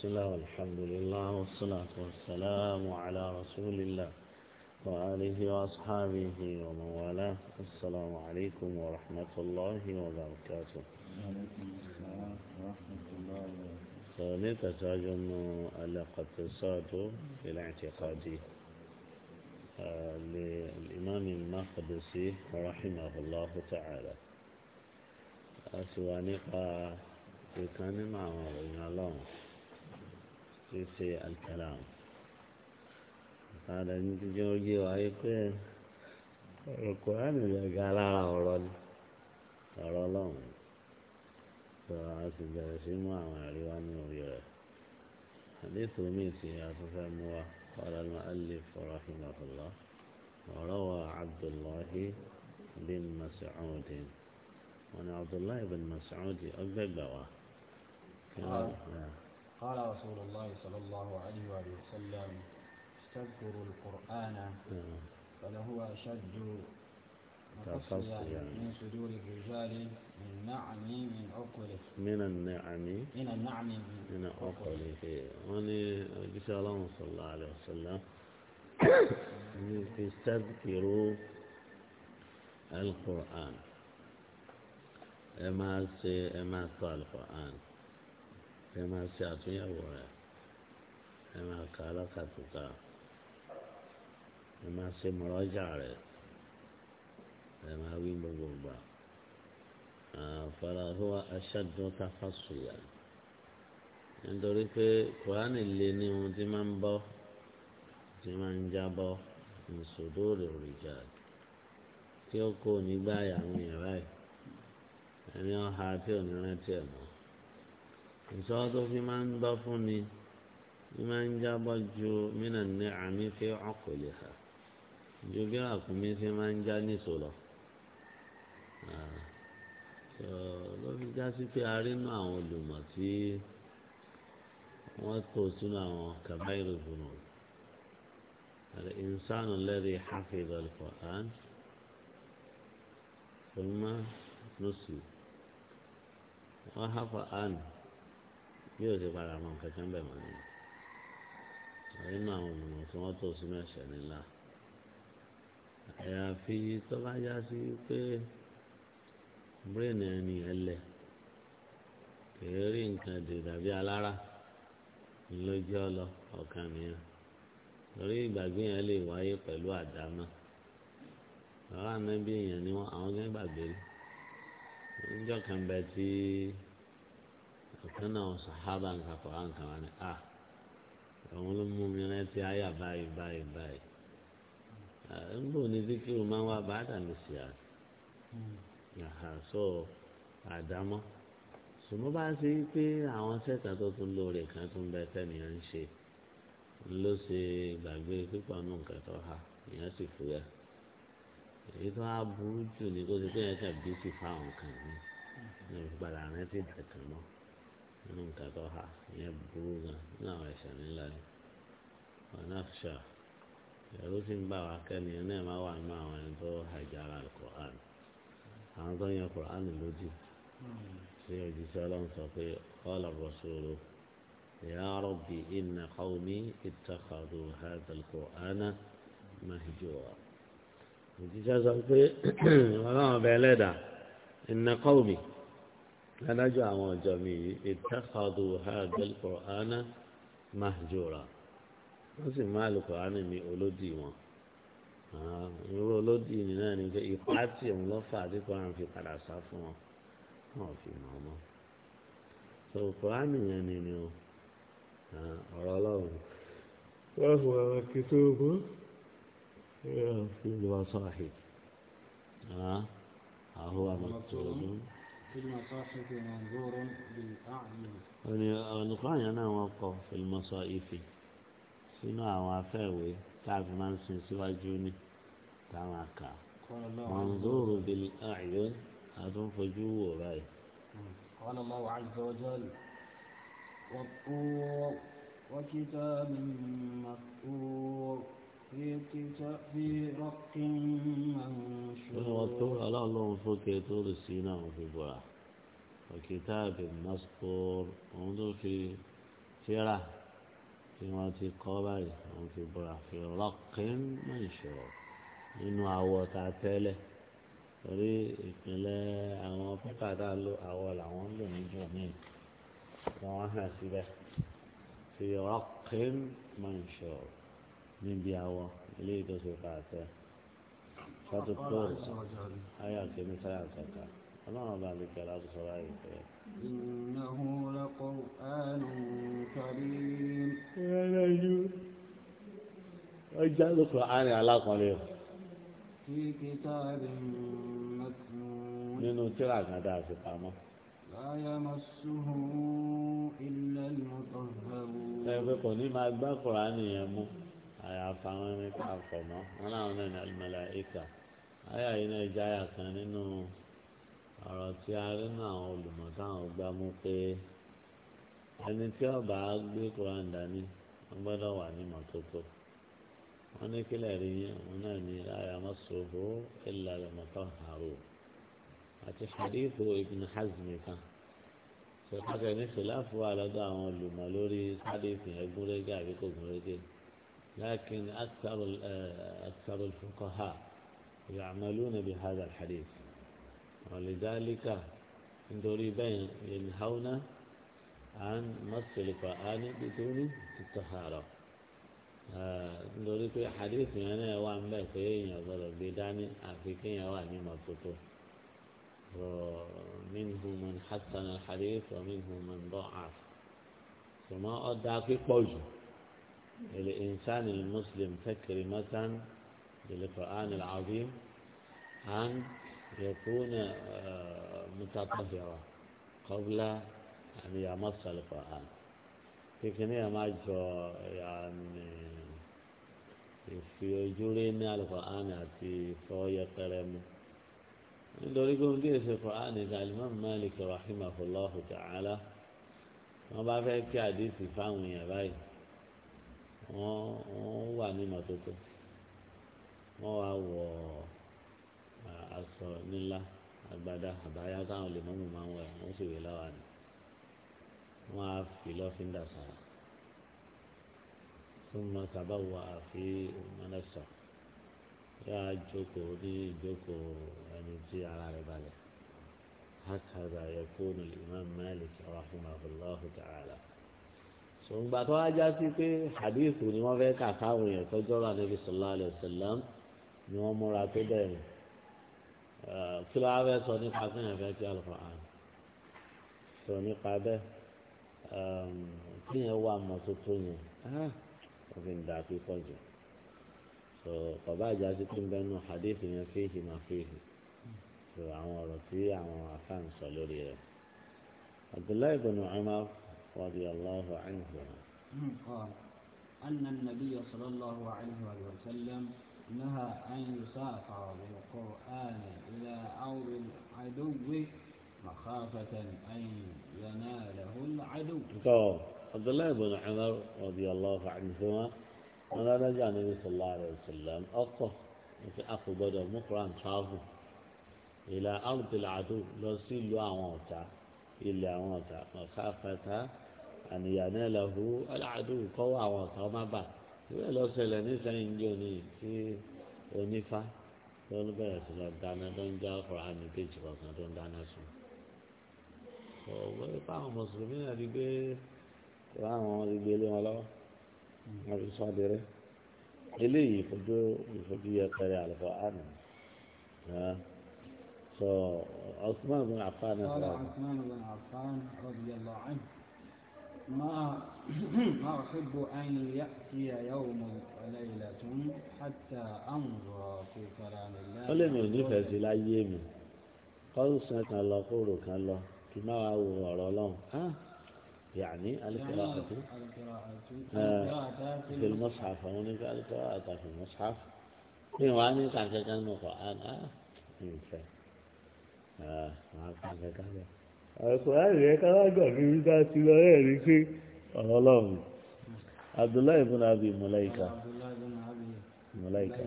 بسم الله والحمد لله والصلاة والسلام على رسول الله وآله وأصحابه ومن والاه السلام عليكم ورحمة الله وبركاته ونتساج الاقتصاد في الاعتقاد آه، للإمام المقدسي رحمه الله تعالى أسوانيقا كان مع الله ṣíṣe àkàrà padà ní jíjẹ́ ojú wáyé pé ọ̀rọ̀kọ̀ àmì ọ̀gá lára ọ̀rọ̀ ni ọ̀rọ̀ ọlọ́run tó a sì bẹ̀rẹ̀ sí mú àwọn àríwá ní orí rẹ̀ àdéhùn mi sì àtúnfẹ́ mú wa kọ́lá ní alif rahimahullah ọ̀rọ̀ wa abdullahi bin mas'ud wọn ni abdullahi bin mas'ud ọgbẹ́gbẹ̀ wa. قال رسول الله صلى الله عليه وآله وسلم استذكروا القرآن فلهو أشد يعني يعني. من صدور الرجال من نعم من عقله من النعم من النعم من عقله وأنا يعني قلت الله صلى الله عليه وسلم استذكروا القرآن ما ما القرآن ẹ máa ṣe àtúnyẹ̀wò rẹ̀ ẹ ma ka á lọ́kàtúkà ẹ ma si mọ́rọ́jà rẹ̀ ẹ máa wi gbogbo gbà àfàlàhùwà aṣáájúta fásùyà nítorí pé kùránì lè ní ohun tí máa ń bọ́ tí máa ń jábọ́ ìṣòdóòrè òrìjà tí ó kó nígbà àwọn èèyàn báyìí ẹni ọ̀ha tí ò ní rántí ẹ̀ mọ́. ìṣọ́ tó fi máa ń bá fún ni bí máa ń jábọ́ ju mínà ní àmì fi ọkùnrin ha ju bí àkùnmí fi máa ń já nìṣó lọ. ló fi já sí pé a àwọn olùmọ̀ tí wọ́n tó sínú àwọn kàbá ìròyìn wọn. الإنسان الذي حفظ القرآن ثم نسي وحفظ عنه yóò ti padà mọ kankan bẹ̀ mọ́ ni nínú àwọn olùmọ̀ tí wọ́n tó sí mẹ́sẹ̀ nílá àyàfi tó bá yá sí pé bírèèni ẹni ẹlẹ kìí rí nǹkan dè dàbí alára ńlójú ọlọ ọ̀kan nìyẹn torí ìgbàgbé yẹn lè wáyé pẹ̀lú àdámọ́ ọ̀rọ̀ àná ni wọ́n àwọn gẹ́gbàgbé rí kan bẹ tí ọ̀kan náà sàhábà nǹkan kọ̀ọ̀rọ̀ nǹkan wá ní à òun ló mú baayi, rántí ayà báyìí báyìí báyìí níbo ni zikiru máa ń wá bàdà mi sí à àhàsọ àdámọ́ ṣùgbọ́n bá ṣe pé àwọn sẹ́ta tó tún lóore kan tún bẹ tẹ́nìyàn ń ṣe ló ṣe gbàgbé pípọ̀ nù nǹkan ha ìyẹn sì fúyà èyí tó á jù ní kó ṣe pé yẹn kàn bí sí fáwọn kan ní ìgbàlà rántí ìdàkàn náà. من كتوحة يبروغا نعوى شامل الله ونخشى يروسين باوا كان ينام اوى ما هو حجار القرآن عنطن القرآن اللوتي سيح جسالة صفية قال الرسول يا ربي إن قومي اتخذوا هذا القرآن مهجورا جسالة صفية وانا بعلادة إن قومي adájọ́ àwọn ọ̀jọ́ mi yìí ìtàkàdù hàgẹ́l kọ̀ọ̀ánà mahjura wọ́n sì máa lù kọ̀ọ̀ánà mi olódì wọn. irú olódì ni náà ni pé ipá tí òun lọ́ fà tí kọ̀ọ̀án fi padà sá fún wọn wọn fi mọ̀ ọmọ. sọ kọ̀ọ̀ánà yẹn ni ni o ọ̀rọ̀ ọlọ́run wọ́n fún àwọn kìtìbù yóò fi lọ́ọ́ sọ́ọ̀hìn. àhó àmọ́ tó o dún. في المصاحف منظور بالأعين القرآن أنا وقف في المصائف sínú àwọn afẹ́wé tá a fi máa ń sin síwájú ní táwọn àkà manzuru bil a'yun àtúnfojú wò báyìí. Hmm. قال الله عز وجل والطور وكتاب مسطور في رق الله فوق طور سيناء في بوعة وكتاب مسطور انظر في ترى فيما تقابل في بوعة في رق منشور إنه عوى تعتاله torí ìpínlẹ̀ àwọn pépà tá a lo àwọ̀ làwọn ń lò níjọ míì wọ́n hàn síbẹ̀ fi rọ́ọ̀kì mọ̀ọ́ṣọ́rọ̀ níbi àwọ̀ ilé ìtọ́sí pàṣẹ sọ́tò tóòrù ayọ̀ kìíní sáyà sọ̀kà ọlọ́run bá lè kẹ́ra tó sọ̀rọ̀ ayé fẹ́. ìnáwó lọ́kọ̀ àánú kárí. ẹ̀rọ ju ọjà lóko àárín alákọ̀ọ́lẹ̀ o. kí kíkà rí mẹ́tún. nínú tíra kan tá pamọ́. láyà kò ní máa gbá Kùránì yẹn mú àyàfà àwọn ẹni tá a fọ̀ mọ́ wọn láwọn náà ní àlùmọ́lá ìkà àyà yìí náà jẹ́ àyà kan nínú ọ̀rọ̀ tí a rí nínú àwọn olùmọ̀ táwọn gbá mú pé ẹni tí ọba gbé koran dání wọn gbọ́dọ̀ wà ní mọ́tótó wọn ní kílẹ̀ rí yín òun náà ní àyà mọ́sòwò ìlà lọ́mọ́tò àrò àti hadithu ibn hazmi kan ṣèpàkẹ́ ní ṣìláfù àlọ́dọ̀ àwọn olùmọ̀ lórí sádìsì ẹgúnrégé àbí gúnrégé. لكن أكثر آه، أكثر الفقهاء يعملون بهذا الحديث ولذلك دريبين ينهون عن مص القرآن بدون الطهارة دريب آه، حديث يعني يوان بيتين يظل بدان أفكين يواني مفتوح ومنه من حسن الحديث ومنه من ضعف وما ثم في قوله الانسان المسلم فكر مثلا بالقران العظيم ان يكون آه، متطهرا قبل ان يمص القران لكن هي ما جو يعني في يجولين القران في فوي قرم دوريكم دي في القران إذا الامام مالك رحمه الله تعالى ما بعرف كيف حديث فاهم يا باي wọ́n wọ́n wà ní ìmọ́tótó wọ́n wá wọ aṣọ nílá agbádá àbáyá táwọn lè mọ́mú máa ń wọ̀ wọ́n sì wé láwà ní wọ́n á fi lọ́fíńdà sára súnmọ́ sábàwọ̀ àfi mọ́lẹ́sọ̀ yóò á jókòó ní ìjókòó ẹni tí ara rẹ̀ balẹ̀. هكذا يكون الإمام مالك رحمه الله sọ̀ngbà tó wájá sí pé hadith ni wọ́n fẹ́ kà fáwọn èèyàn tọ́jọ́ rà níbi sallallahu alaihi wasallam ni wọ́n múra tó bẹ̀rẹ̀ kí ló wá fẹ́ sọ nípa fún yẹn fẹ́ kí Al-Qur'an sọ nípa bẹ́ẹ̀ kí yẹn wà mọ́ tuntun yẹn òfin dà pípọ̀ jù sọ bàbá àjà sí pé bẹ́nu hadith yẹn fèhì máa fèhì sọ àwọn ọ̀rọ̀ tí àwọn afáàn sọ lórí rẹ̀ Abdullahi bin Umar. رضي الله عنه قال أن النبي صلى الله عليه وسلم نهى أن يسافر بالقرآن إلى أرض العدو مخافة أن يناله العدو طيب، عبد الله بن عمر رضي الله عنهما أنا رجع النبي صلى الله عليه وسلم أقف في أخو بدر مقران شافه إلى أرض العدو لا سيلوا أموتا إلا أموتا مخافة àníyàn náà lọ́hù aláàdúgbò kọ́wọ́ àwọn ọ̀tá ọmọ bà ìwé lọ ṣẹlẹ̀ nísìnyí ní òní tí onífá tó ń bẹ̀rẹ̀ sí lọ dáná tó ń já ọkọ̀ àmì kejì kọ̀ọ̀kan tó ń dáná sùn. ọ̀wọ́ ipá àwọn mùsùlùmí náà ti gbé láwọn igbe lé wọn lọ́wọ́ wọn fi sọ adìrẹ́ eléyìí ìfojú ìfojú yẹpẹrẹ àlùfọ́ àná so Osman bin Affan náà sọ. ما ما أحب أن يأتي يوم وليلة حتى أنظر في كلام الله ó lè mi ò nífẹ̀ẹ́ sí láyé mi kọ́dún sàn kan lọ kóòrò kan lọ kí n má wàá wo ọ̀rọ̀ ọlọ́run á yàní alikira àti في المصحف àwọn oníkà alikira àti في المصحف mi wàá ní kàkẹ́kẹ́ nù kọ́ á nà á nfẹ̀ màá kàkẹ́kẹ́ bẹ́ẹ̀. àkùránì rẹ̀ kálágbà ti rí pé ọlọ́run abdullahi ibùn abi mọ̀láìka mọ̀láìka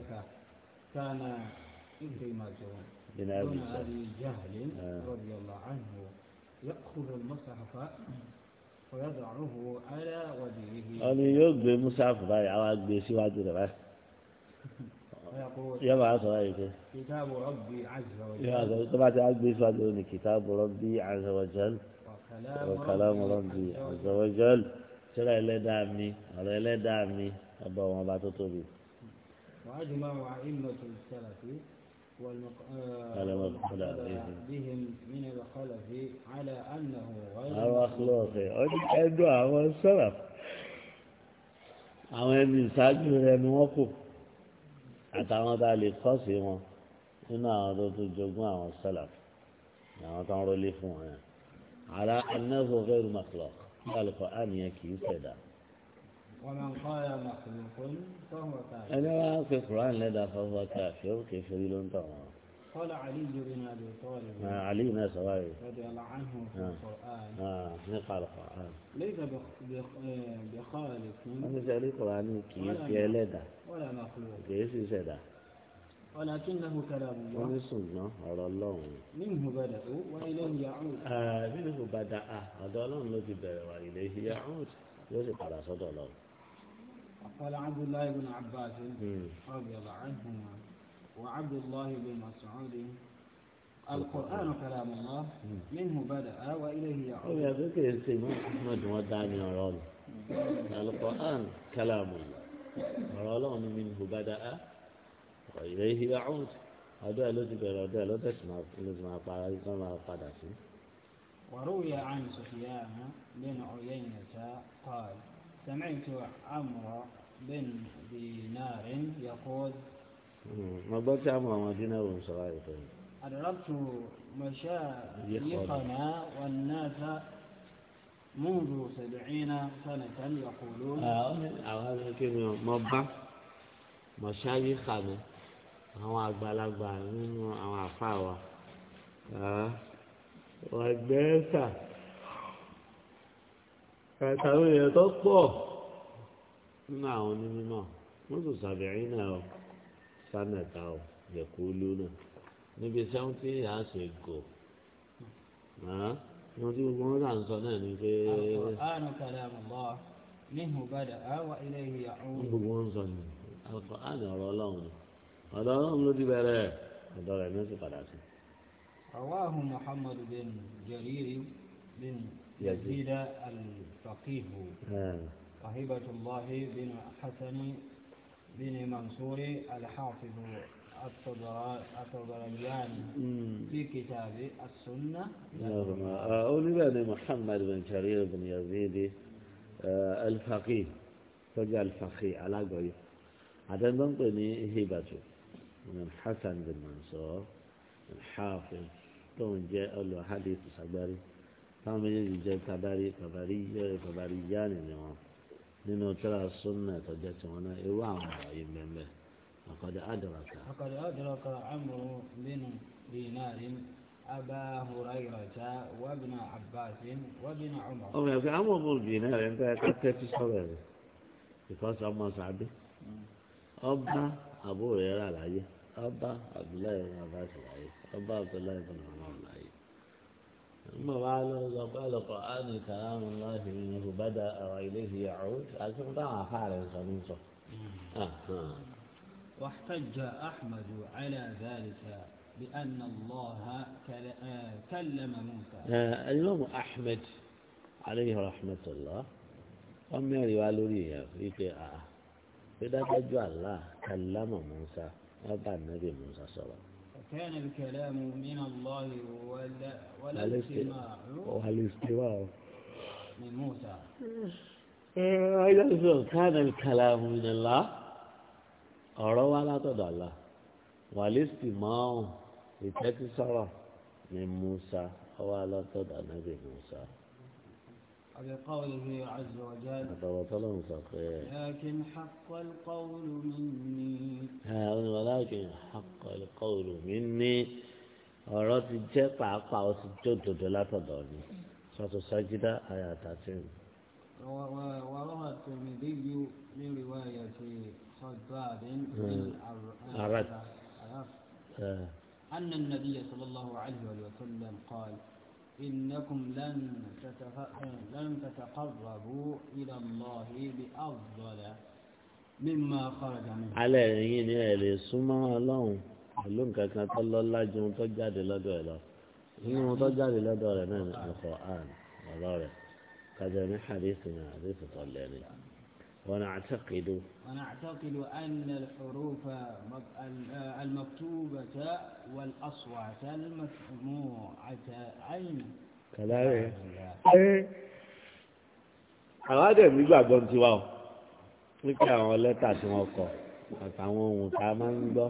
kana ikrimatu bin abi jahl ah. radiyallahu anhu ya'khudhu al-mushafa wa yad'uhu ala wajhihi ani yóò gbé musafu báyìí àwọn síwájú yóò máa sọ ayé pé tó bá ti á gbé síwájú ní kìtàbù rọ́bì àzọwọ́jẹ́l kàlámù rọ́bì àzọwọ́jẹ́l tíra ẹlẹ́dàá mi ọ̀rọ̀ ẹlẹ́dàá mi ọba wọn bá tó tóbi. وأجمع أئمة السلف والمقتدى بهم من الخلف على أنه غير المخلوق. أجمع أئمة السلف àwọn ẹni ìṣáájú rẹ ni wọ́n kù àtàwọn tá a lè kọ́ sí wọn nínú àwọn tó tún jogún àwọn sálàf àwọn tó ń rọlé fún wọn yẹn àlá anáfọ fẹrù màkìlọ kí àníyàn kì í ṣẹ̀dá. ẹni wàá pe Quran lẹ́dàá fọwọ́ káfíọ́ kẹfẹ́ ló ń tàn wọ́n. قال علي بن أبي طالب علي بن سواري رضي الله عنه في آه. القرآن آه نقع القرآن ليس بخالق أنا جالي قرآن كيف يلدا ولا مخلوق كيف يلدا ولكنه كلام الله ونسمع على الله منه بدأ وإليه يعود آه منه بدأ هذا الله الذي بدأ وإليه يعود يوسف على صدر الله قال عبد الله بن عباس رضي الله عنهما وعبد الله بن مسعود القرآن كلام الله منه بدأ وإليه يعود يا فكر الإمام أحمد ودعني أراد القرآن كلام الله أراد منه بدأ وإليه يعود هذا الذي بيرده لا تسمع لازم أقرأ ما وروي عن سفيان بن عيينة قال سمعت عمرو بن دينار يقول mo gbọ́ tí àwọn ọmọ dínà wò ń sọ̀rọ̀ àìtọ́ yìí. àdàràtù mọ̀ṣá yíkọ̀nà wọn náà sá múndù sẹ̀dùcínà sanatan yàkùlù. àwọn akéwì mi mo bá mọ̀ṣá yíkọ̀nà àwọn àgbàlagbà nínú àwọn àfa wa ọ̀gbẹ́sà àtàwọn èèyàn tó pọ̀ nínú àwọn onímọ̀ mọ́tò sàbẹ̀rìn náà sanata o yẹ̀kúlú náà níbi sẹ́wọ́ntì àṣẹ gò wọ́n ti gbogbo wọn náà ń sọ náà ni pé. àánú kàlámù lọ níhù bàdà àwa ilé ìyá òun. wọ́n gbogbo wọn sọ ni àlùkò àná ọ̀rọ̀ ni ọ̀dọ̀ ọlọ́run ló ti bẹ̀rẹ̀ ọ̀dọ̀ rẹ̀ ní ó padà sí. رواه محمد بن جرير بن يزيد الفقيه رهيبة الله بن بن منصور الحافظ الطبراني في كتاب السنة آه، أولد محمد بن شرير بن يزيد آه، الفقيه فجاء الفقيه على قوي هذا ننطني هبته من حسن بن منصور الحافظ تون جاء له حديث صبري يجي جاء تباري تباري تباريان اليوم nínú tíra súnmẹ̀ tọ́jẹ́ tí wọ́n náà irú àwọn àyè mẹ́mẹ́ àkọ́dé àdìrọ̀kà. àkọ́dé àdìrọ̀kà amru bínú bínárì abá hurairata wàbínà abbasin wàbínà umar. ọmọ ẹ̀fẹ́ amọ̀ bò bínárì bẹ́ẹ̀ ká tẹ́tí sọ̀rọ̀ rẹ̀ ìfọ́sọ̀ ọmọ sàbí ọba àbúrò rà láyé ọba láyé ọba láyé. أما بعد قال القرآن كلام الله إنه بدأ وإليه يعود ألفهم ضاع فعلا خميسة آه، آه. واحتج أحمد على ذلك بأن الله آه، كلم موسى الإمام أحمد عليه رحمة الله أم يري والوري في قراءة إذا تجوى الله كلم موسى أبا النبي موسى صلى الله عليه وسلم كان الكلام من الله ولا ولا الاستماع والاستماع من موسى أيضا كان الكلام من الله أروا على تدع الله والاستماع لتكسر من موسى أو على تدع نبي موسى بقوله عز وجل لكن حق القول مني ها ولكن حق القول مني ورد جبع قوس جد ó دوني jó dòdò látọ̀dọ̀ ni وروى الترمذي من رواية صداد أرد أن النبي صلى الله عليه وسلم قال إنكم لن لن تتقربوا إلى الله بأفضل مما خرج منه على يين إلى سما الله لون كان الله لا جون تجاد لا دولا إنه تجاد لا دولا نعم القرآن الله كذا حديثنا حديث طلعني ونعتقد ونعتقد أن الحروف المكتوبة والأصوات المسموعة أين؟ كذلك أنا هذا بيجا عن تواو نكيا ولا تاسمه كو أتامو تامان دو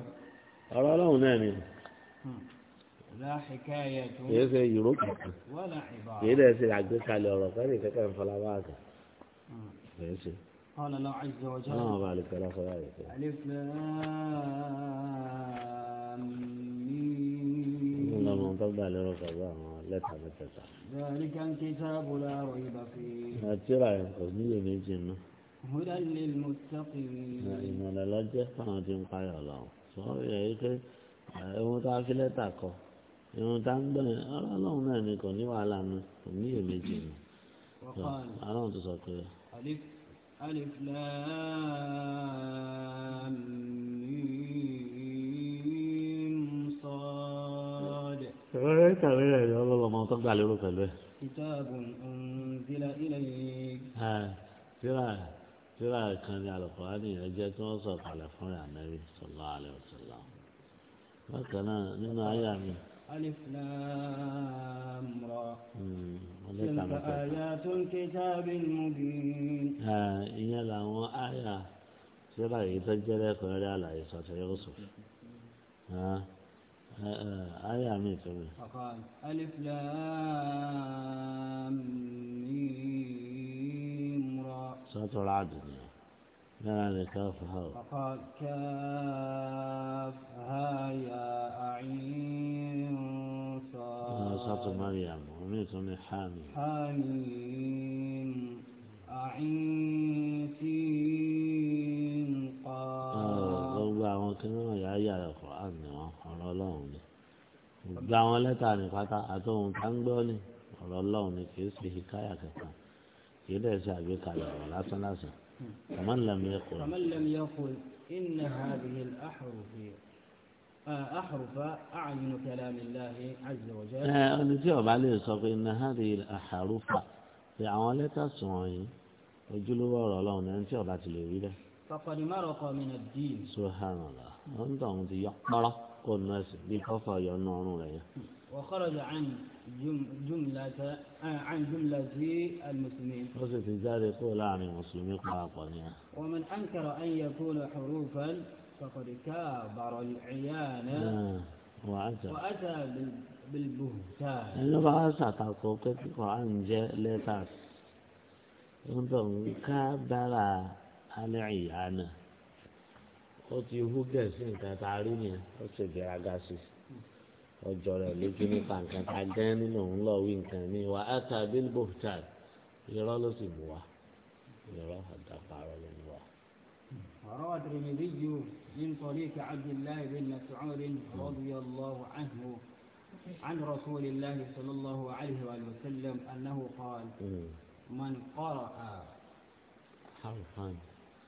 ألا لا هنا لا حكاية يس يروك ولا عبارة يدا سيلعجوك على الله كذي كذا فلا بعده يس قال الله عز وجل ما بعد ثلاث آية ألف لام تبدا لا ذلك الكتاب لا ريب فيه أترى يقضي بيجنا هدى للمتقين إن لا لجة فناتين قايا الله سوف يأيك إمو تاكلة تاكو إمو تاكلة الله نانيكو لا نو نيو بيجنا وقال أنا تساكوه ألف ألف لام صاد والله ما تقطع لي روح البيت كتاب أنزل إليك ها ترى ترى كان على القرآن يجت وصف على فرع النبي صلى الله عليه وسلم وكان من أيامه ألف لام را تلك آيات الكتاب المبين آه إن لهم آية سيرا يتجرى كنرى على إسوة يوسف آه آية مين تقول فقال ألف لام ميم را سورة العدد ذلك فهو فقد كافها يا أعين صاد صاد مريم وميت من حامي حامين أعين سين قاد gbogbo àwọn kí wọn yà á yà rẹ Qur'an ni wọn ọ̀rọ̀ Ọlọ́run ni gbogbo àwọn lẹ́tà ní pátá àtọhún tá ń gbọ́ ni ọ̀rọ̀ Ọlọ́run ni kì í ṣe hikaya kankan kì í dẹ̀ ṣe àgbékalẹ̀ ọ̀rọ̀ lásán lásán. فمن لم يقل فمن لم يقل إن هذه الأحرف أحرف أعين كلام الله عز وجل نجاوب عليه صف إن هذه الأحرف في عوالة الصعين ojúlówó ọ̀rọ̀ ọlọ́run ẹni tí ọba ti lè rí bẹ́ẹ̀. fakọni márọkọ mi nà dín. subhanallah ọ̀hún tó ń ti yọ pọ́rọ́ kó nọ́ọ̀sì bí kọ́fà yọ nù ọrùn rẹ̀ yẹn. وخرج عن جملة آه، عن جملة المسلمين. قصد في ذلك يقول عن المسلمين قاطعا ومن أنكر أن يكون حروفا فقد كابر العيان آه، وأتى بالبهتان. اللغة ستعقوب في القرآن جاء لتاس. تعس. كابر العيان. ó ti hú gẹ̀ẹ́sì nǹkan tá a ọjọ́ rẹ̀ lójú nípa nǹkan tá a gán nínú òun lọ wí nǹkan mi wà á ta bílbò tán irọ́ ló sì mú wa irọ́ àdàpàrọ̀ ló mú wa. وروى الترمذي من طريق عبد الله بن مسعود رضي الله عنه عن رسول الله صلى الله عليه وسلم أنه قال من قرأ حرفا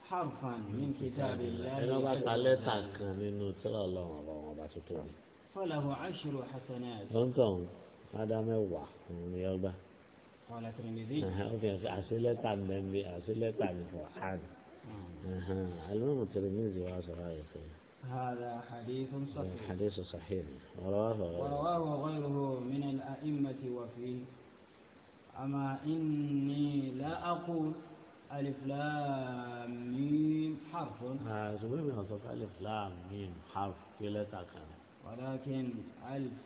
حرفا من كتاب الله إنه بقى لتاك من نترى الله وبركاته فله عشر حسنات أنتم هذا ما يوضح يربه قال الترمذي أوكي أسئلة تعمل بي أسئلة تعمل اها المهم الترمذي واسع هذا حديث صحيح حديث صحيح ورواه ورواه غيره من الأئمة وفيه أما إني لا أقول ألف لام ميم حرف آه سبحان الله ألف لام ميم حرف كلا تقام ولكن ألف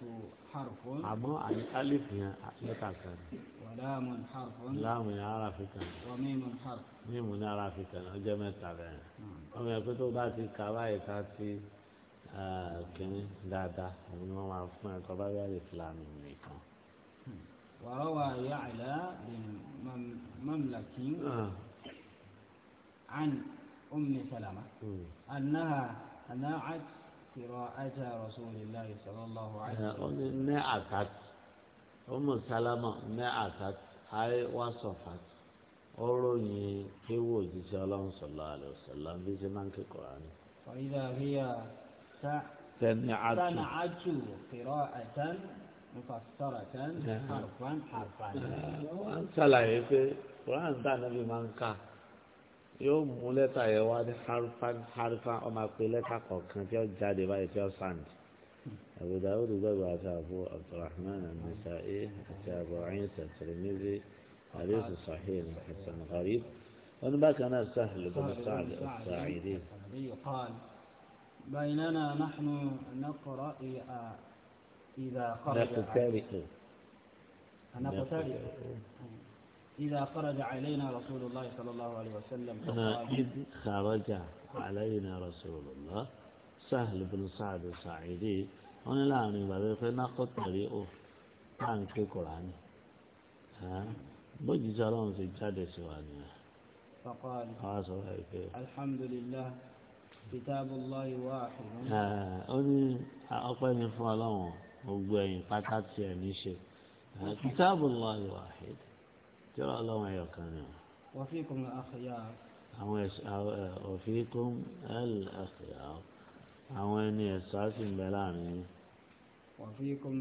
حرف أما ألف يا لك ولام حرف لام يعرفك وميم حرف ميم يعرفك جمع تابعين أما يكتب ذاتي كواي ذاتي كني دادا من ما عرفنا كبار الإسلام منكم وروى يعلى بن مملك عن أم سلمة أنها ناعت قراءة رسول الله صلى الله عليه وسلم نعتت أم سلمة نعتت أي وصفت أروني كيو جزالان صلى الله عليه وسلم في زمان القرآن فإذا هي سنعت قراءة مفسرة حرفا حرفا. سلعي في القرآن ده نبي من كه yóò mú lẹ́tà yẹn wá ní harfan harfan ọmọ akpé lẹ́tà kọ̀ọ̀kan tí ó jáde báyìí tí ó sànd Abu Dawud gbàgbọ́ àti Abu abdulrahman an e àti Abu Isa Tirmidhi àdéhùn sahil hasan gharib wọn bá kan náà Sahl bin Sa'd as-Sa'idi. بيننا نحن نقرأ إذا خرج نقترئ نقترئ إذا خرج علينا رسول الله صلى الله عليه وسلم إذا خرج علينا رسول الله سهل بن سعد الساعدي أنا لا أعني بابي فإن أخذ طريقه عن كي قرآن بجي سلام في جادة سواني فقال الحمد لله كتاب الله واحد ها. أني أقوى من فعلهم أقوى من فتحة كتاب الله واحد tíra ọlọ́run ẹ̀yọ̀ kan ni. wàfíìkùn àkàyà. àwọn òfìkùn ẹ̀l àkàyà àwọn ẹni ẹ̀sọ́ sì ń bẹ láàrin. wàfíìkùn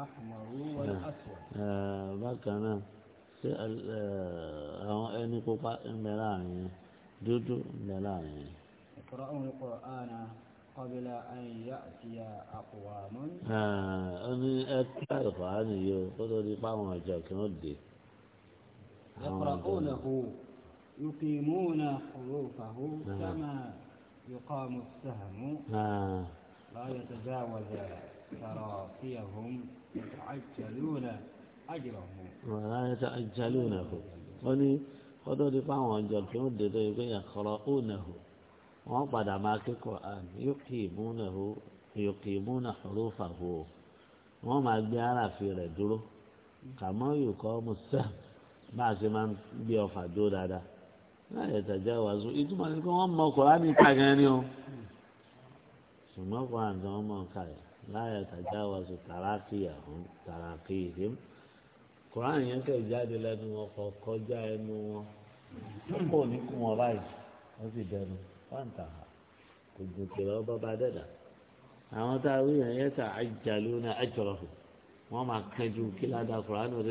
àhùmọ̀rú wọ́n àtọ̀. bákan náà ṣé àwọn ẹni pupa ń bẹ láàrin dúdú ń bẹ láàrin. ìkọ̀rọ̀ àwọn ìkọ̀rọ̀ àná kọbílá àyíyá àti àkùwà mọ́. ó ní ẹ̀ka ìfọ̀hánì yìí ó tó di pa àwọn ọjọ́ kí wọ́n dé. يقرؤونه آه. يقيمون حروفه نعم. كما يقام السهم آه. لا يتجاوز تراقيهم يتعجلون أجره ولا يتعجلونه وني قدو دي عن انجل كيما دي دي بي يقرؤونه وبعد ما كقرآن يقيمونه يقيمون حروفه وما جارا في رجله كما يقام السهم bá a ṣe máa ń gbé ọfà dúró dáadáa náà ìtajà wàásù ìtumọ̀ ni pé wọ́n mọ Kùránì ká gan ni o ṣùgbọ́n Kùránì tí wọ́n mọ̀ ká yẹ láyé ìtajà wàásù tàràkì àhún tàràkì ìdí Kùránì yẹn kẹ̀ jáde lẹ́nu wọn kọ kọjá ẹnu wọn pọ̀ ní kú wọn báyìí wọ́n sì dẹnu fáǹtà kò gòkè lọ́wọ́ bá bá dẹ̀dà àwọn tá a wí yẹn yẹn tà àjàlú náà àjọrọ̀ wọn máa kẹjú kí ládàá Kùránì ò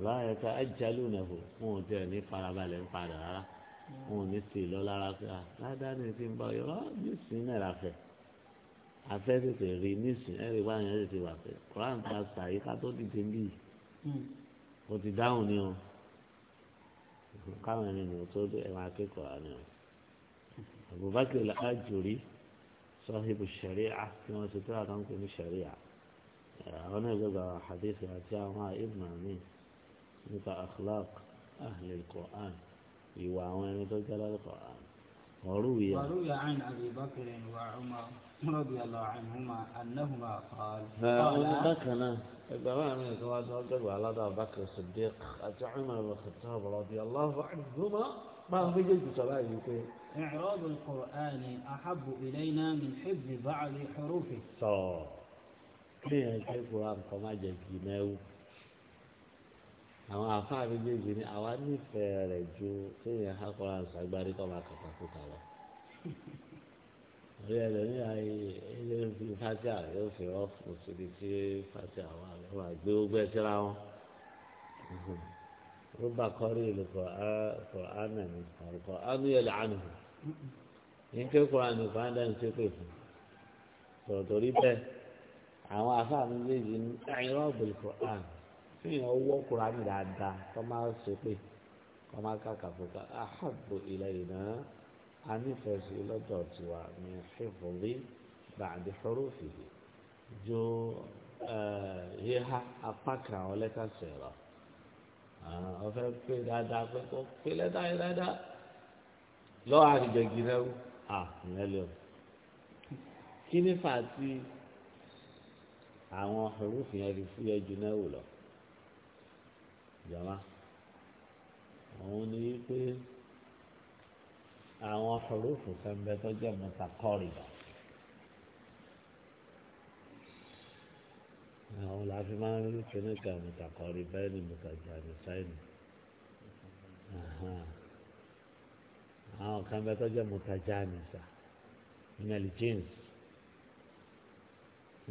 láyé ká ajalu nàbò wọn ò tẹ̀ ní farabalẹ̀ ń padà rárá wọn ò ní sí lọ lára pé à ah, ládàá ní ti ń bá yọ ah, nísìnyí náà láfẹ̀ afẹ́ tètè rí nísìnyí ẹ̀rí wá yẹn tètè wà pé koran ta sàyí ká tó dìde bí hmm. o ti dáhùn ni o káwọn ẹni nìyẹn tó ẹwà akẹ́kọ̀ọ́ ni o Abubakar al-Ajuri sọ́hìbù sẹ̀ríà tí ti tẹ́lá tó ní sẹ̀ríà àwọn ẹgbẹ́ gba àdéhùn àti àwọn ibùdó àmì. nípa اخلاق اهل القران quran ìwà àwọn ẹni وروي وروي عن أبي بكر وعمر رضي الله عنهما أنهما قال فقال بكنا إبراهيم من الزواج وقال وعلى بكر الصديق أتى عمر بن الخطاب رضي الله عنهما ما في جلد صلاة يقول القرآن أحب إلينا من حفظ بعض حروفه. صح. ليه كيف القرآن فما جاكي àwọn àfáà méjèèjì ni àwa nífẹ̀ẹ́ rẹ̀ ju kéèyàn hákọ́ra ṣàgbárí tó máa kàkà kúta lọ. orí ẹlẹ́ni ayé ilé fi fásíà yóò fi ọ́fù síbi tí fásíà wà lọ́wọ́ àgbé ogbẹ́ síra wọn. rúbà kọ́rí ìlú kọ̀ọ̀ánà ni kọ̀ọ̀ánà yẹn làánù. ní kékeré àná kọ̀ọ̀ánà ń ṣépè fún. sọ̀rọ̀ torí bẹ́ẹ̀ àwọn àfáà méjèèjì ní fíyàn owó kúránì dáadáa kọ́ máa ṣépè kọ́ máa kàkà fúnka àhàbò ilẹ̀ iná anífẹ̀sí lọ́dọ̀ tiwa ní fífòrí bàdí fọ́rọ́fìdì jo yíha apá kan àwọn lẹ́tà sẹ̀rọ̀ ọ̀fẹ́ pé dáadáa pé kó pé lẹ́tà yìí dáadáa lọ́wọ́ àgbègbè náà à ìyẹn kí ni fàá àwọn ọ̀rùn fi fi fúyẹ́ ju náà wò lọ. jọba òun ni wípé àwọn ṣòrófò kẹ́ńbẹ́ tó jẹ́ mọ́tàkọ́rìbà àwọn làfi máa ń rí kíní kan mọ́tàkọ́rìbà ẹni mọ́tàjàmìsá ẹni àwọn kẹ́ńbẹ́ tó jẹ́ mọ́tàjàmìsá ìmẹ̀lì james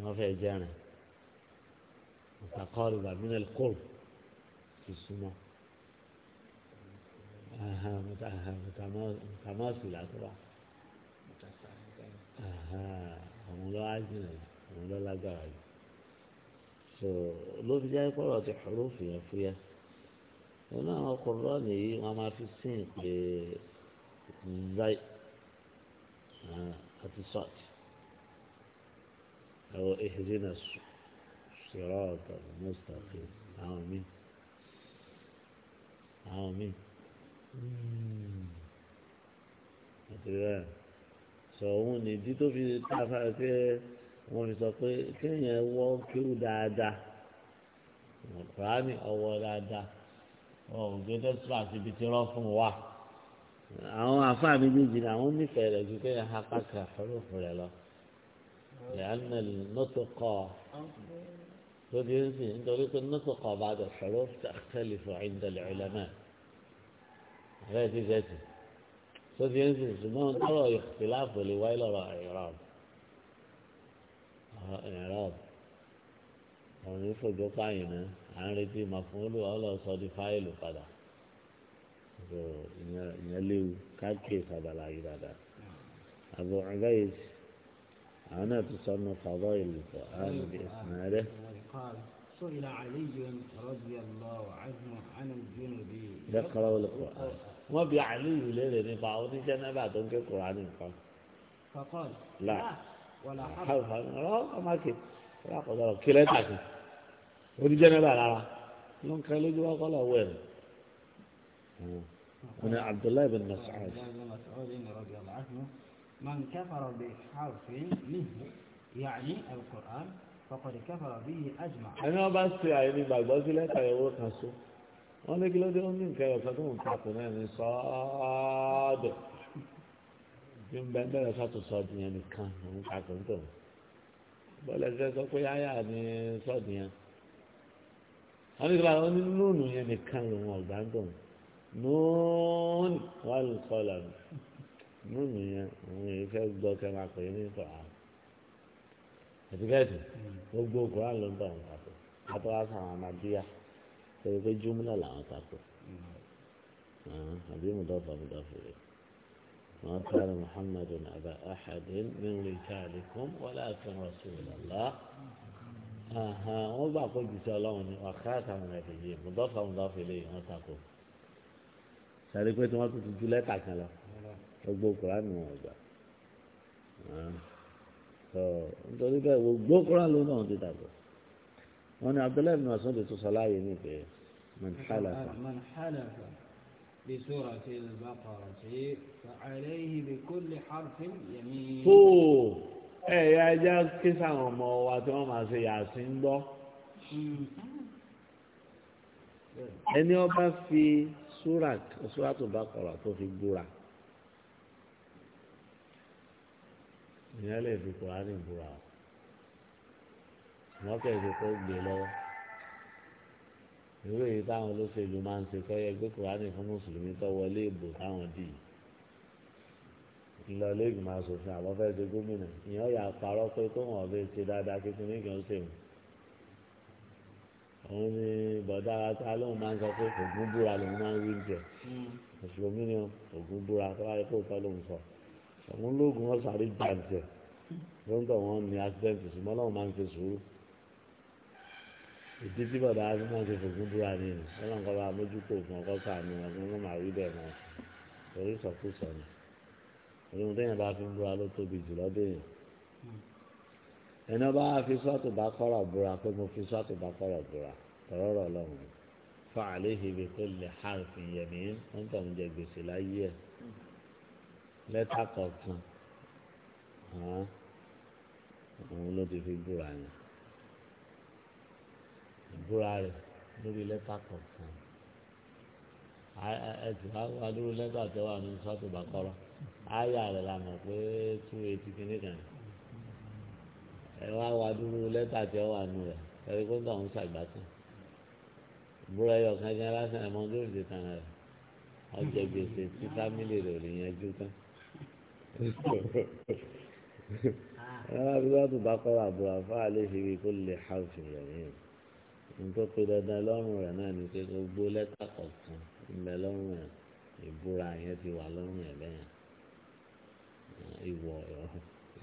wọ́n fẹ́ jẹ́rìn mọ́tàkọ́rìbà mínẹ́lì kóòtù. السماء اها متى اها متى متى ما في العذراء اها هم لا عايزين هم لا لا قاعد سو لو في جاي قرأة حروف يا فيا هنا القرآن ما في السين زي اتصال أو اهدنا الصراط المستقيم آمين àwọn míì ìtura sọ òun nìdí tó fi táfà pé wọ́n fi sọ pé kéèyàn wọ́ kéwù dáadáa kùránì ọwọ́ dáadáa wọn ò gbé dẹ́sítọ́ àti ibi tí wọ́n fún wa àwọn àfáà méjèèjì ni àwọn nífẹ̀ẹ́ rẹ̀ ju kéèyàn ha pàkà fọlọ́fù rẹ̀ lọ ìyáná nọ́tò kọ́ tó di ń sìn nítorí pé nọ́tò kọ́ bá dẹ̀ fọlọ́fù tẹ̀lifù ìdẹ̀lẹ̀ ìlẹ́mẹ̀ẹ́. غادي ذاتي صوت ينزل سبحان الله اختلاف اللي وايل إعراب إعراب àwọn onífòjò pààyàn à ń retí màfúnlù ọlọ́sọ di fáìlù padà ìyẹn léwu káàkiri sábàlá yìí dáadáa Abu Ubayd àwọn náà ti sọ ọmọ fàbọ ìlú kọ àwọn ibi ẹsìn rẹ. سئل علي رضي الله عنه عن الجنب ذكر القرآن wọ́n bi àlùyù léèrè nípa oníṣẹ́ náírà tó ń ké kúránì nǹkan. là ọmọ kì í lákòóso ọ̀rọ̀ kí lẹ́tà kì oníṣẹ́ náírà rárá ló ń kẹ́ lójú wọ́n kọ́lọ̀ wẹ̀ rẹ̀. wọn abdullahi bin mas'ud. من كفر بحرف منه يعني القرآن فقد كفر به أجمع. أنا بس يعني بقول لك أيوه كسو wọ́n ní kí ló dé ó ní nǹkan ẹ̀rọ tó ń papọ̀ náà ní sọ́ọ́dọ̀ bí ń bẹ bẹ̀rẹ̀ sọ́tún sọ́ọ̀dì yẹn nìkan òun papọ̀ ń tòun bọ́lẹ̀ ṣe sọ pé yáyà ní sọ́ọ̀dì yẹn wọ́n ní kí ló ní lónù yẹn nìkan lòun ọ̀gbà ń tòun nùún wọ́n lè kọ́ lànà yẹn òun yẹn fẹ́ gbọ́ kẹ́ máa pè é ní ìtọ́ àwọn ẹ̀dígẹ́sì sẹ́yìn pé júmùlà làwọn takò àbí mùdọ́fà mùdọ́fà rẹ̀ wọ́n kàrí muhammadu nàbà ahadin min rijalikum walakin rasulullah wọ́n bá kó jùsọ̀ ọlọ́run ní ọ̀káàtà mùnàfẹ̀yẹ mùdọ́fà mùdọ́fà rẹ̀ wọ́n takò sẹ́yìn pé tí wọ́n tún ti ju lẹ́tà kan lọ gbogbo kùránì wọn gbà nítorí bẹ́ẹ̀ gbogbo kùránì ló náà ti dàgbà wọ́n ní abdullahi bin masoud tó sọ láàyè ní pé man halafa. man halafa bi surati al-baqarati fa alayhi bi kulli harfin yamin. tó ẹ yá ajá kí sáwọn ọmọ wa tí wọ́n máa ṣe yàsín gbọ́. Hmm. ẹni ọba fi súrà súrà tó bá kọ̀rọ̀ tó fi búra. ìyẹn lè fi kùránì búra o wọ́n kẹ̀sì kó gbé lọ́wọ́ irú èyí táwọn olóṣèlú máa ń ṣe kọ́ yẹ gbé kùránì fún mùsùlùmí tó wọlé ìbò táwọn dì í lọ lẹ́gbìmọ̀ asòfin àbọ̀fẹ́ ṣe gómìnà ìyẹn ọ̀yà parọ́ pé kó wọn ọ̀bẹ ṣe dáadáa kíkún ní kí wọ́n ṣe wọn. òun ni bọ̀dá ata lóun máa ń sọ pé ògún búra lòun máa ń wí jẹ mùsùlùmí ni ògún búra tó wáyé kó tọ́ lòun sọ òun lóògùn ọ̀sàrí gbàǹtẹ̀ lóńtọ̀ wọn ni accident ṣùgbọ́n lọ́wọ́ máa ń ṣe sùúrù ìdí tí bọ̀dá azumọ̀ ti fògùn búra ni ọlọ́run kọ́ bá mójútó ògùn ọkọ́ sàánú ọdún wọn máa rí bẹ́ẹ̀ náà torí sọkúsọ ni ohun téèyàn bá fi ń búra ló tóbi jù lọ́dọ̀ èèyàn ẹni ọba fi sọ́ọ̀tù bá kọ́rọ̀ búra pé mo fi sọ́ọ̀tù bá kọ́rọ̀ búra tọ̀rọ̀rọ̀ lọ́hùn fún àléhìí bí kò lè ha òfin yẹ̀mí ń tọ̀ jẹ gbèsè láyé ẹ̀ lẹ́tà kọ̀ọ̀kan òun ló ti fi búra yẹn. búra rẹ̀ lórí lẹ́tà kọ̀ọ̀kan ẹ ti lórí lẹ́tà tẹ́ wà ní sọ́ọ̀tù a ya rẹ̀ la mọ̀ pé two eighty kìíní kan ẹ wá wá lórí lẹ́tà tẹ́ wà nù rẹ̀ ẹ pé ń tọ̀hún ṣàgbàtàn búra ẹyọ kan jẹ́ lásán ẹ̀mọ́ lórí ìdìtàn rẹ̀ ọjọ́ gbèsè tí fámìlì rẹ̀ ò lè yanjú tán ẹ̀rọ abúlé àbúrò àfáà lè fi kó lè nìyẹn. nítorí pé dandan lọ́rùn rẹ̀ náà ni pé gbogbo lẹ́tà kọ̀ọ̀kan ńlẹ̀ lọ́rùn rẹ̀ ìbúra yẹn ti wà lọ́rùn rẹ̀ bẹ́yẹn ìwọ̀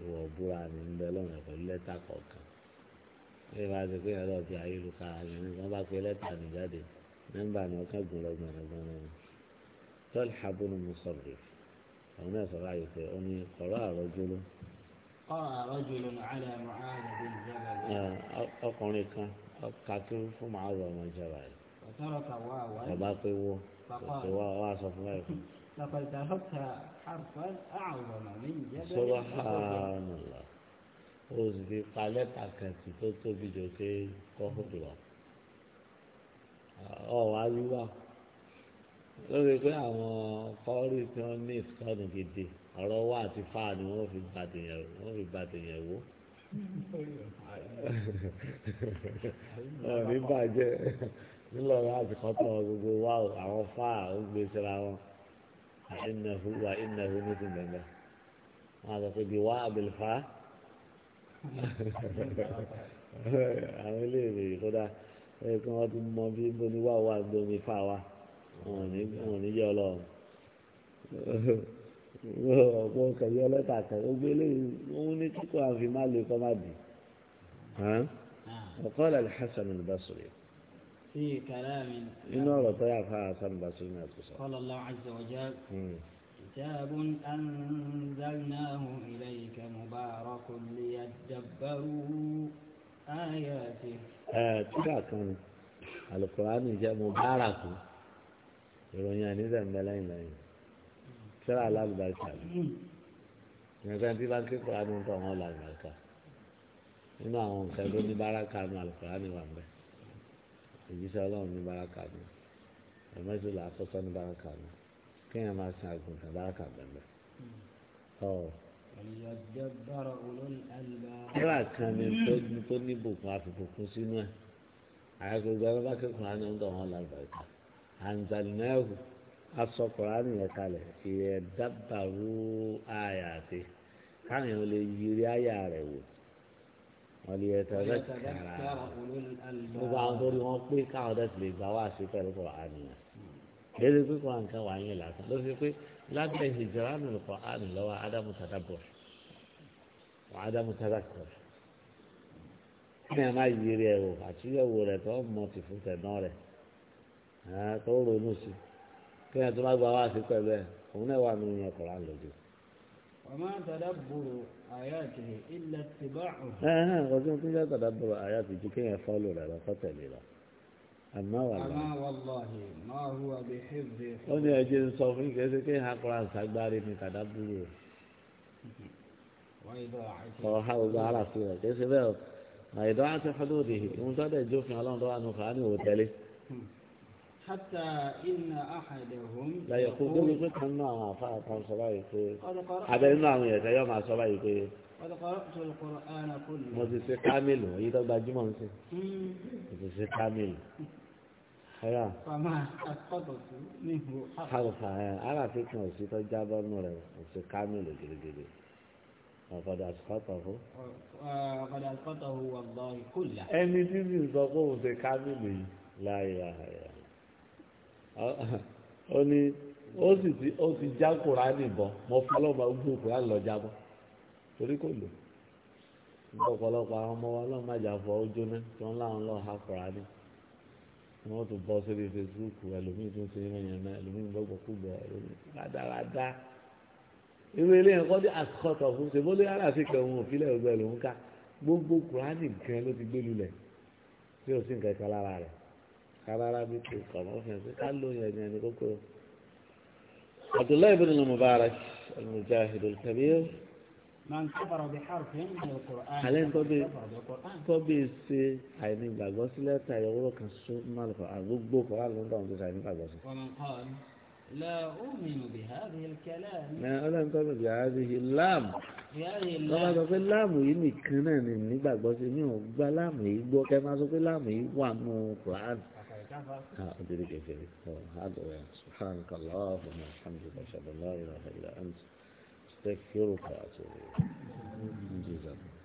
ìwọ̀ ìbúra ni ńlẹ̀ lọ́rùn rẹ̀ pẹ̀lú lẹ́tà kọ̀ọ̀kan bí wọ́n ti pé ẹ̀rọ ti ayélujára yẹn ni wọ́n bá pe lẹ́tà mi jáde nọ́mbà ni ọkàn gùn lọ gbọ̀nàgbọ̀nà ni tọ́lì habúnú mu sọ̀rọ̀ àwọn náà sọ̀rọ̀ àyè pé ó ní kọ̀rọ̀ àrọ́júlú. ọkùnrin kan ọkàkí fún màá rọ ọmọ ìjọba rẹ ọba pé wo òkè wá wá sọ fún báyìí fún. sọ́bàánàlá ó sì fi pa lẹ́tà kẹ̀tì tó tóbi jù pé kọ́kùtù lọ. ọ̀wá wíwá lórí pé àwọn kọ́rí tí wọ́n ní ìtọ́nù gidi ọ̀rọ̀ wà àti fáà ni wọ́n fi bàtẹ̀yẹ̀ wò ní bàjẹ́ nílọrin àsìkò tó gbogbo wá àwọn fáà ó gbé síra wọn ìnáhu wà ìnáhu ní ti gbẹ̀ngàn wọn àti pé bí wá àbẹ̀lẹ̀fà àwọn iléèwé kódà ẹ kí wọn ti mọ bí bóni wà wà bóni fà wà wọn ò ní yẹ ọlọ́run ọ̀pọ̀ kẹ̀yẹ́ ọlọ́ta kan gbogbo eléyìí òun ní kíkọ́ àfi má lè kọ́ má dì ọ̀kọ́ lẹ́lẹ́ Hasan al-Basri. inú ọ̀rọ̀ tó yà fún Hasan al-Basri náà tó sọ. qala Allahu azza wa كتاب أنزلناه إليك مبارك ليدبروا آياته ترى كان القرآن جاء مبارك يقولون يعني ذنب لين لين sẹ́rà alábùbáríkà ni ìrìnsẹ̀ tí bá ń ké kura ní ń tọ̀ wọn làbùbáríkà nínú àwọn nǹkan tó ní báràkà ní alùpùpù ní wà ń bẹ ìjísẹ́ ọlọ́run ní báràkà ni ẹ̀mẹ́sì làákọ́sọ́ ní báràkà ni kéèyàn máa sin àgùntàn báràkà bẹ̀rẹ̀ nígbà kan ni tó ní bùkún àfìbùkún sínú ẹ̀ àyàgbẹ̀gbẹ̀ ẹ̀ bá ké kura ní ń tọ̀ wọn asọ kùránì yẹn kalẹ̀ ìyẹn dábàrú àyà àti káwọn yẹn lè yiri àyà rẹ̀ wò wọ́n lè yẹtọ̀ rẹ̀ kàrà gbogbo àwọn tó ní wọ́n pé káwọn dẹ̀ sì lè gbà wá sí pẹ̀lú kùránì yẹn lédè pé kò àǹkà wà yín lásán ló fi pé lábẹ́ ìjìránù kùránì lọ́wọ́ ádámù tàdàbọ̀ ádámù tàdàkọ̀ ní ẹ̀ yiri ẹ̀ wò àtúnyẹ̀wò rẹ̀ tó mọ̀ tìfútẹ̀ náà rẹ̀ tó ronú sí kí ẹ tó má gba wáàsí pẹ̀lú ẹ òun náà wà nínú ọkọ̀rọ̀ àlòjù. ọmọ tàdábùrù àyàtì ilẹ̀ ti bá ọ̀. ẹ ẹ ọdún tó ń jẹ́ tàdábùrù àyàtì ju kéèyàn fọ́ọ̀lù rẹ̀ lọ́kọ́ tẹ̀lé lọ. àmọ́ wàláhì máa hùwà bí hẹ́ẹ̀dẹ̀. ó ní ẹjẹ ń sọ fún kẹsí kí ha kọ́ra ṣàgbárí ni tàdábùrù. ọ̀há ọgbà ara fi rẹ̀ kẹsí bẹ́ẹ̀ حتى إن أحدهم لا يقول لي يقول كنا عفاء كان صلاة هذا إنه يتا يوم عصلاة يقول قد قرأت القرآن كله مزيسي كامل يتا باجمع نسي مزيسي كامل هيا فما أسقطت منه حرفا أنا فيك نسي تجابر نوري مزيسي كامل جلي جلي وقد أسقطه وقد أسقطه والله كله أني تيزي نسقوه مزيسي كامل لا إله إلا ó ní ó sì ti ó ti já kùránì bọ mo fi ọlọ́mọ gbó kùránì lọ jábọ torí kò lò nígbà ọ̀pọ̀lọpọ̀ àwọn ọmọ wa ọlọ́mọ àjàfọ́ ó jóná tí wọ́n láwọn lọ́ọ́ ha kùránì ni wọ́n tún bọ́ sórí Facebook ẹlòmíì tún ṣe yẹn yẹn náà ẹlòmíì gbọ́gbọ́ kúgbọ́ ẹlòmíì rádaràdá irú eléyìí kọ́ dé àkọ́tọ̀ fún ṣe bólé aláàfin kẹwọn òfìlẹ̀ ọgbẹ́ lòún ká gbogbo kùránì gan ló ti gbé lulẹ̀ tí ò sí nǹkan kan lára rẹ̀ kárára bí kò kọ̀mọ́ fún ẹ̀ ká ló yẹn ní ẹni kókó. Abdullahi ibn al-Mubarak al-Mujahid al-Kabir. Man kafara bi harfin min al-Qur'an. Alẹ́ ntọ́bi ntọ́bi ṣe àìní gbàgbọ́ sílẹ̀ ta ìyọ̀wọ́rọ̀ kan sún ní al-Qur'an gbogbo kọ́ra ló ń tó ṣe àìní gbàgbọ́ sí. لا أؤمن بهذه الكلام أنا أؤمن بهذه اللام tọ́ba sọ pé láàmù yìí nìkan náà ní nígbàgbọ́ sí mi ò gba láàmù yìí gbọ́ kẹ́ máa sọ pé láàmù yìí wà nù Qur'an. ها أدري كيف هذا سبحانك اللهم وبحمدك أشهد أن لا إله إلا أنت أستغفرك وأتوب إليك